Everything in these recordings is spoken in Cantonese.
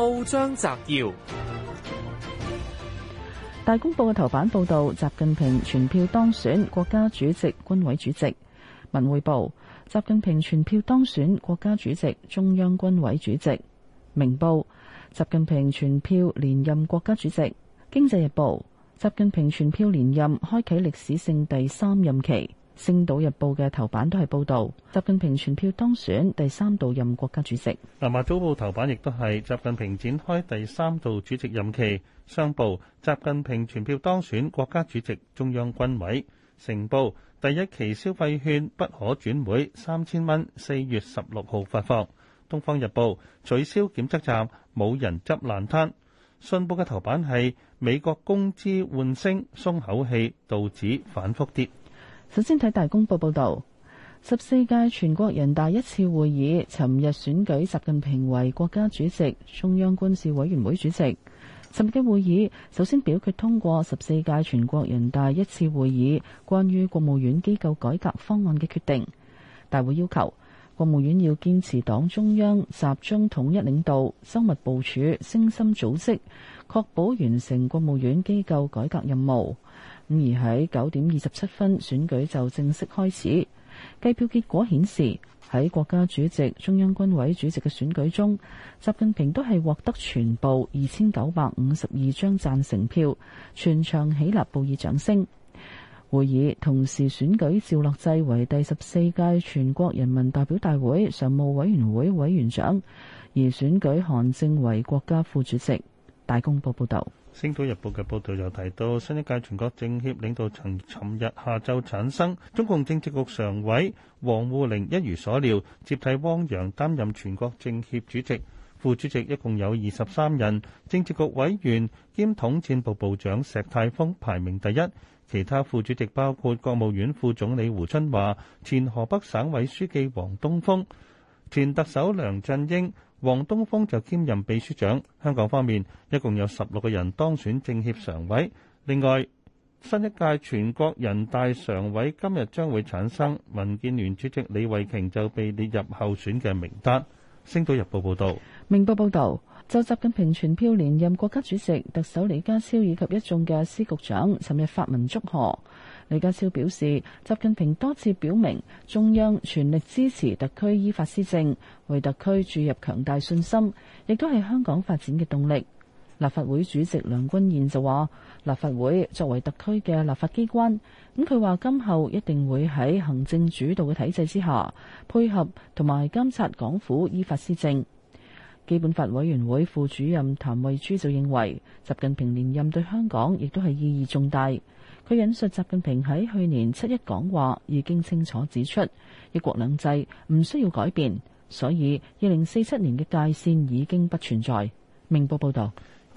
報章摘要：大公報嘅頭版報道，習近平全票當選國家主席、軍委主席；文匯報，習近平全票當選國家主席、中央軍委主席；明報，習近平全票連任國家主席；經濟日報，習近平全票連任，開啟歷史性第三任期。《星島日報》嘅頭版都係報導習近平全票當選第三度任國家主席，《南華早報》頭版亦都係習近平展開第三度主席任期。商報：習近平全票當選國家主席，中央軍委。成報：第一期消費券不可轉會，三千蚊，四月十六號發放。《東方日報》取消檢測站，冇人執爛攤。《信報》嘅頭版係美國工資換升鬆口氣，道指反覆跌。首先睇大公報報道，十四屆全國人大一次會議尋日選舉習近平為國家主席、中央軍事委員會主席。尋日嘅會議首先表決通過十四屆全國人大一次會議關於國務院機構改革方案嘅決定。大會要求國務院要堅持黨中央集中統一領導，周密部署，精心組織，確保完成國務院機構改革任務。咁而喺九點二十七分，選舉就正式開始。計票結果顯示，喺國家主席、中央軍委主席嘅選舉中，習近平都係獲得全部二千九百五十二張贊成票，全場起立報以掌聲。會議同時選舉趙樂際為第十四屆全國人民代表大會常務委員會委員長，而選舉韓正為國家副主席。大公報報道。《星島日報》嘅報導又提到，新一屆全國政協領導層尋日下晝產生，中共政治局常委王滬寧一如所料接替汪洋擔任全國政協主席，副主席一共有二十三人，政治局委員兼統戰部部長石泰峰排名第一，其他副主席包括國務院副總理胡春華、前河北省委書記王東峰、前特首梁振英。王東峰就兼任秘書長。香港方面一共有十六個人當選政協常委。另外，新一屆全國人大常委今日將會產生，民建聯主席李慧瓊就被列入候選嘅名單。星島日報報道，明報報道，就習近平全票連任國家主席，特首李家超以及一眾嘅司局長，尋日發文祝賀。李家超表示，習近平多次表明中央全力支持特區依法施政，為特區注入強大信心，亦都係香港發展嘅動力。立法會主席梁君彥就話，立法會作為特區嘅立法機關，咁佢話，今後一定會喺行政主導嘅體制之下配合同埋監察港府依法施政。基本法委員會副主任譚惠珠就認為，習近平連任對香港亦都係意義重大。佢引述習近平喺去年七一講話已經清楚指出，一國兩制唔需要改變，所以二零四七年嘅界線已經不存在。明報報導。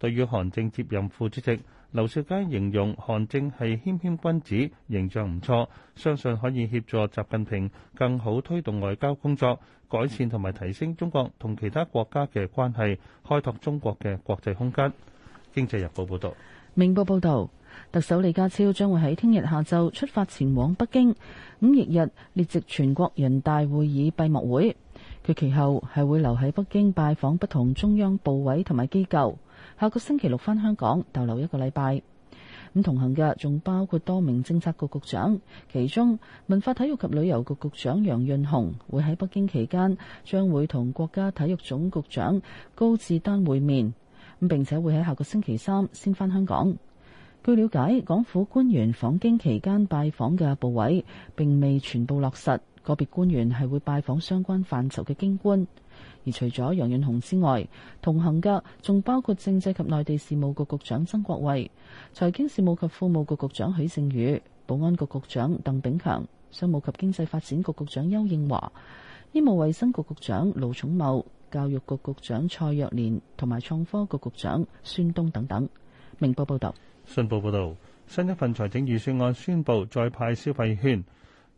對於韓正接任副主席，劉少佳形容韓正係謙謙君子，形象唔錯，相信可以協助習近平更好推動外交工作，改善同埋提升中國同其他國家嘅關係，開拓中國嘅國際空間。經濟日報報道。明報報道，特首李家超將會喺聽日下晝出發前往北京，五翌日列席全國人大會議閉幕會。佢其後係會留喺北京拜訪不同中央部委同埋機構。下個星期六返香港逗留一個禮拜，咁同行嘅仲包括多名政策局局長，其中文化體育及旅遊局局長楊潤雄會喺北京期間，將會同國家體育總局局長高志丹會面，咁並且會喺下個星期三先返香港。據了解，港府官員訪京期間拜訪嘅部委並未全部落實，個別官員係會拜訪相關範疇嘅京官。而除咗楊潤雄之外，同行嘅仲包括政制及內地事務局局長曾國衛、財經事務及庫務局局長許盛宇、保安局局長鄧炳強、商務及經濟發展局局長邱應華、醫務衛生局局長盧寵茂、教育局局長蔡若蓮同埋創科局局長孫東等等。明報報道，信報報道，新一份財政預算案宣布再派消費券，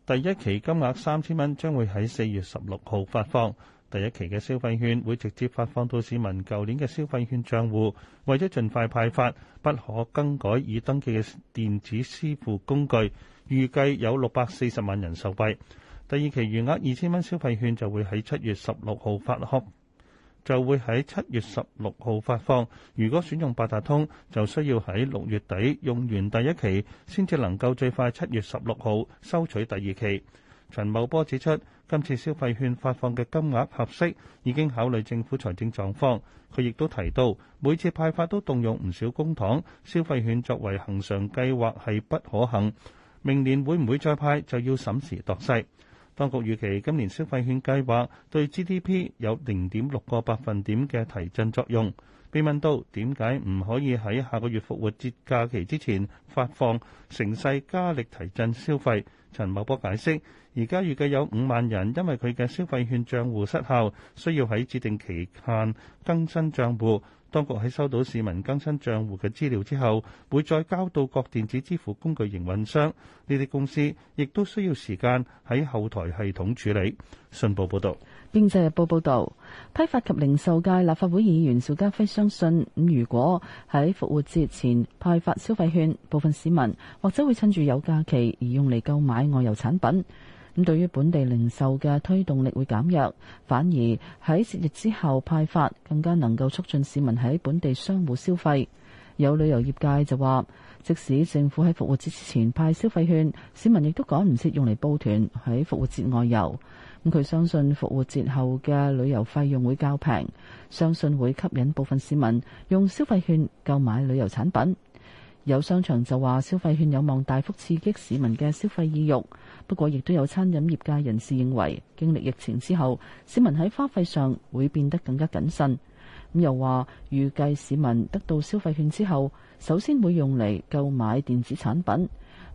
第一期金額三千蚊，將會喺四月十六號發放。第一期嘅消費券會直接發放到市民舊年嘅消費券帳戶，為咗盡快派發，不可更改已登記嘅電子支付工具。預計有六百四十萬人受惠。第二期餘額二千蚊消費券就會喺七月十六號發出，就會喺七月十六號發放。如果選用八達通，就需要喺六月底用完第一期，先至能夠最快七月十六號收取第二期。陳茂波指出，今次消費券發放嘅金額合適，已經考慮政府財政狀況。佢亦都提到，每次派發都動用唔少公帑，消費券作為恒常計劃係不可行。明年會唔會再派，就要審時度勢。當局預期今年消費券計劃對 GDP 有零點六個百分點嘅提振作用。被問到點解唔可以喺下個月復活節假期之前發放，乘勢加力提振消費，陳茂波解釋：而家預計有五萬人因為佢嘅消費券帳戶失效，需要喺指定期限更新帳戶。當局喺收到市民更新帳戶嘅資料之後，會再交到各電子支付工具營運商。呢啲公司亦都需要時間喺後台系統處理。信報報道：「經濟日報報道，批發及零售界立法會議員邵家輝相信，如果喺復活節前派發消費券，部分市民或者會趁住有假期而用嚟購買外遊產品。咁對於本地零售嘅推動力會減弱，反而喺節日之後派發更加能夠促進市民喺本地商戶消費。有旅遊業界就話，即使政府喺復活節前派消費券，市民亦都趕唔切用嚟報團喺復活節外遊。咁佢相信復活節後嘅旅遊費用會較平，相信會吸引部分市民用消費券購買旅遊產品。有商場就話消費券有望大幅刺激市民嘅消費意欲，不過亦都有餐飲業界人士認為，經歷疫情之後，市民喺花費上會變得更加謹慎。咁又話預計市民得到消費券之後，首先會用嚟購買電子產品，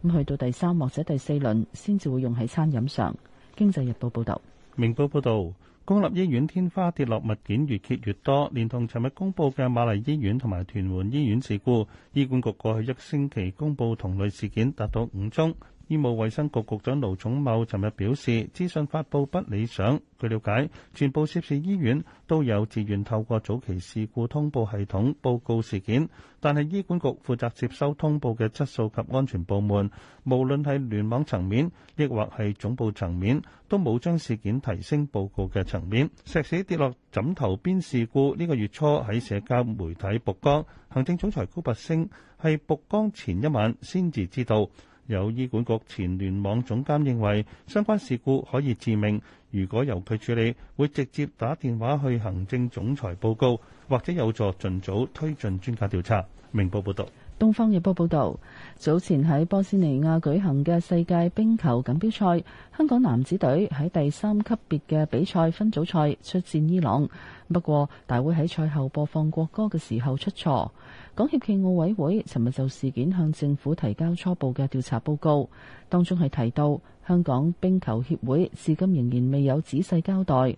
咁去到第三或者第四輪先至會用喺餐飲上。經濟日報報道。明報報導。公立醫院天花跌落物件越揭越多，連同尋日公布嘅瑪麗醫院同埋屯門醫院事故，醫管局過去一星期公佈同類事件達到五宗。醫務衛生局局長盧寵茂尋日表示，資訊發布不理想。據了解，全部涉事醫院都有自願透過早期事故通報系統報告事件，但係醫管局負責接收通報嘅質素及安全部門，無論係聯網層面，抑或係總部層面，都冇將事件提升報告嘅層面。石屎跌落枕頭邊事故呢個月初喺社交媒體曝光，行政總裁高拔升係曝光前一晚先至知道。有醫管局前聯網總監認為，相關事故可以致命。如果由佢處理，會直接打電話去行政總裁報告，或者有助盡早推進專家調查。明報報道。東方日報報道，早前喺波斯尼亞舉行嘅世界冰球錦標賽，香港男子隊喺第三級別嘅比賽分組賽出戰伊朗。不過大會喺賽後播放國歌嘅時候出錯。港協暨奧委會尋日就事件向政府提交初步嘅調查報告，當中係提到香港冰球協會至今仍然未有仔細交代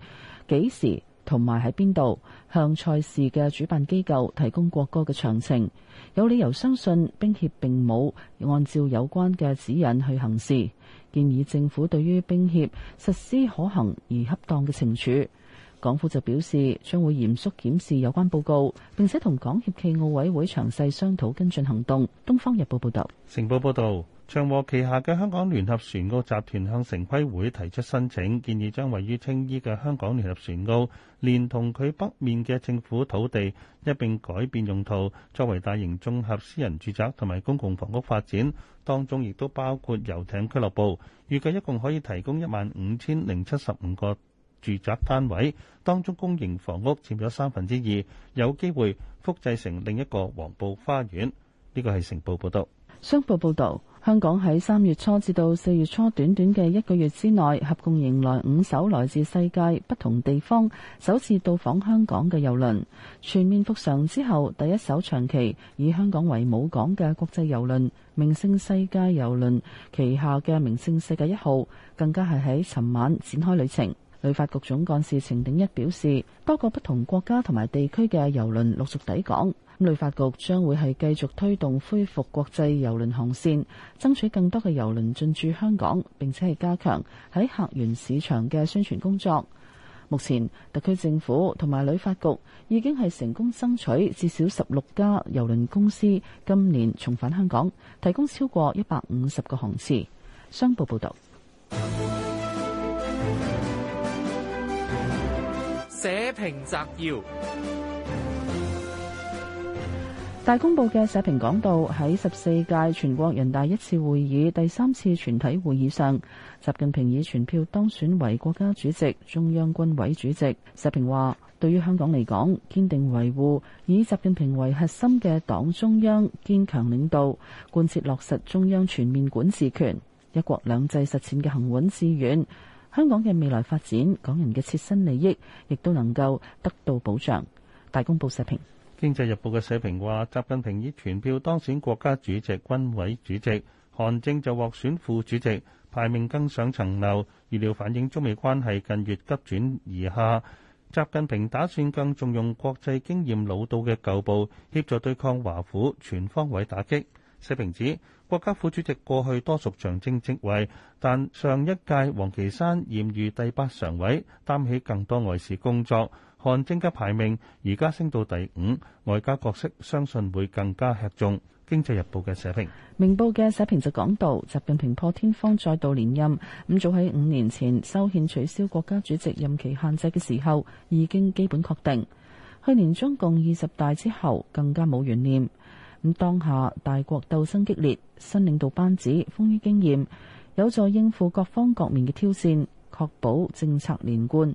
幾時。同埋喺邊度向賽事嘅主辦機構提供國歌嘅詳情，有理由相信冰協並冇按照有關嘅指引去行事，建議政府對於冰協實施可行而恰當嘅懲處，港府就表示將會嚴肅檢視有關報告，並且同港協暨奧委會詳細商討跟進行動。東方日報報道，《成報》報道。長和旗下嘅香港聯合船塢集團向城規會提出申請，建議將位於青衣嘅香港聯合船塢連同佢北面嘅政府土地一並改變用途，作為大型綜合私人住宅同埋公共房屋發展，當中亦都包括遊艇俱樂部。預計一共可以提供一萬五千零七十五個住宅單位，當中公營房屋佔咗三分之二，有機會複製成另一個黃埔花園。呢、這個係成報報導，商報報導。香港喺三月初至到四月初短短嘅一個月之內，合共迎來五艘來自世界不同地方、首次到訪香港嘅郵輪。全面復常之後，第一艘長期以香港為母港嘅國際郵輪——明星世界郵輪旗下嘅明星世界一號，更加係喺尋晚展開旅程。旅發局總幹事程鼎一表示，多個不同國家同埋地區嘅郵輪陸陸續續抵港。旅發局將會係繼續推動恢復國際郵輪航線，爭取更多嘅郵輪進駐香港，並且係加強喺客源市場嘅宣傳工作。目前，特區政府同埋旅發局已經係成功爭取至少十六家郵輪公司今年重返香港，提供超過一百五十個航次。商報報道。社評摘要。大公報嘅社評講到喺十四屆全國人大一次會議第三次全體會議上，習近平以全票當選為國家主席、中央軍委主席。社評話，對於香港嚟講，堅定維護以習近平為核心嘅黨中央堅強領導，貫徹落實中央全面管治權、一國兩制實踐嘅行穩致遠，香港嘅未來發展、港人嘅切身利益，亦都能夠得到保障。大公報社評。經濟日報嘅社評話：習近平以全票當選國家主席、軍委主席，韓正就獲選副主席，排名更上層樓，預料反映中美關係近月急轉而下。習近平打算更重用國際經驗老到嘅舊部，協助對抗華府全方位打擊。社評指，國家副主席過去多屬象徵職位，但上一屆王岐山儼如第八常委，擔起更多外事工作。韓正嘅排名而家升到第五，外交角色相信會更加吃重。經濟日報嘅社評，明報嘅社評就講到習近平破天荒再度連任。咁、嗯、早喺五年前修憲取消國家主席任期限制嘅時候，已經基本確定。去年中共二十大之後更加冇懸念。咁、嗯、當下大國鬥爭激烈，新領導班子豐富經驗，有助應付各方各面嘅挑戰，確保政策連貫。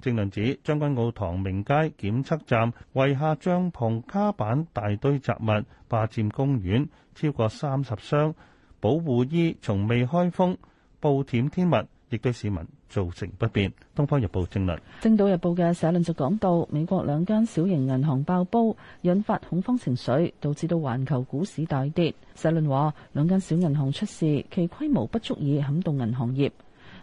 正論指將軍澳唐明街檢測站遺下帳篷、卡板、大堆雜物霸佔公園，超過三十箱保護衣從未開封，暴殄天物，亦對市民造成不便。《東方日報》正論，《星島日報》嘅社論就講到，美國兩間小型銀行爆煲，引發恐慌情緒，導致到環球股市大跌。社論話兩間小銀行出事，其規模不足以撼動銀行業。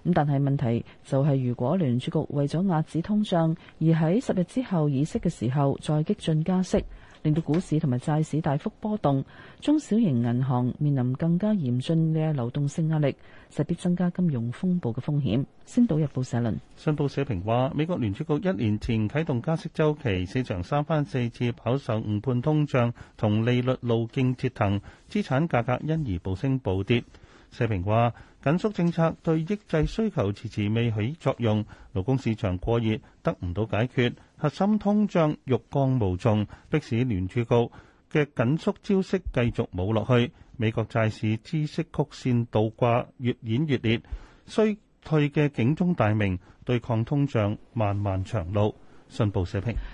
咁但係問題就係、是，如果聯儲局為咗壓止通脹而喺十日之後議息嘅時候再激進加息，令到股市同埋債市大幅波動，中小型銀行面臨更加嚴峻嘅流動性壓力，勢必，必增加金融風暴嘅風險。星島日報社論，信報社評話：美國聯儲局一年前啟動加息週期，市場三番四次跑受誤判通脹同利率路徑折騰，資產價格，格因而暴升暴跌。社評話緊縮政策對抑制需求遲遲未起作用，勞工市場過熱得唔到解決，核心通脹欲降無從，迫使聯儲局嘅緊縮招式繼續冇落去。美國債市孳息曲線倒掛越演越烈，衰退嘅警鐘大鳴，對抗通脹漫漫長路。信報社評。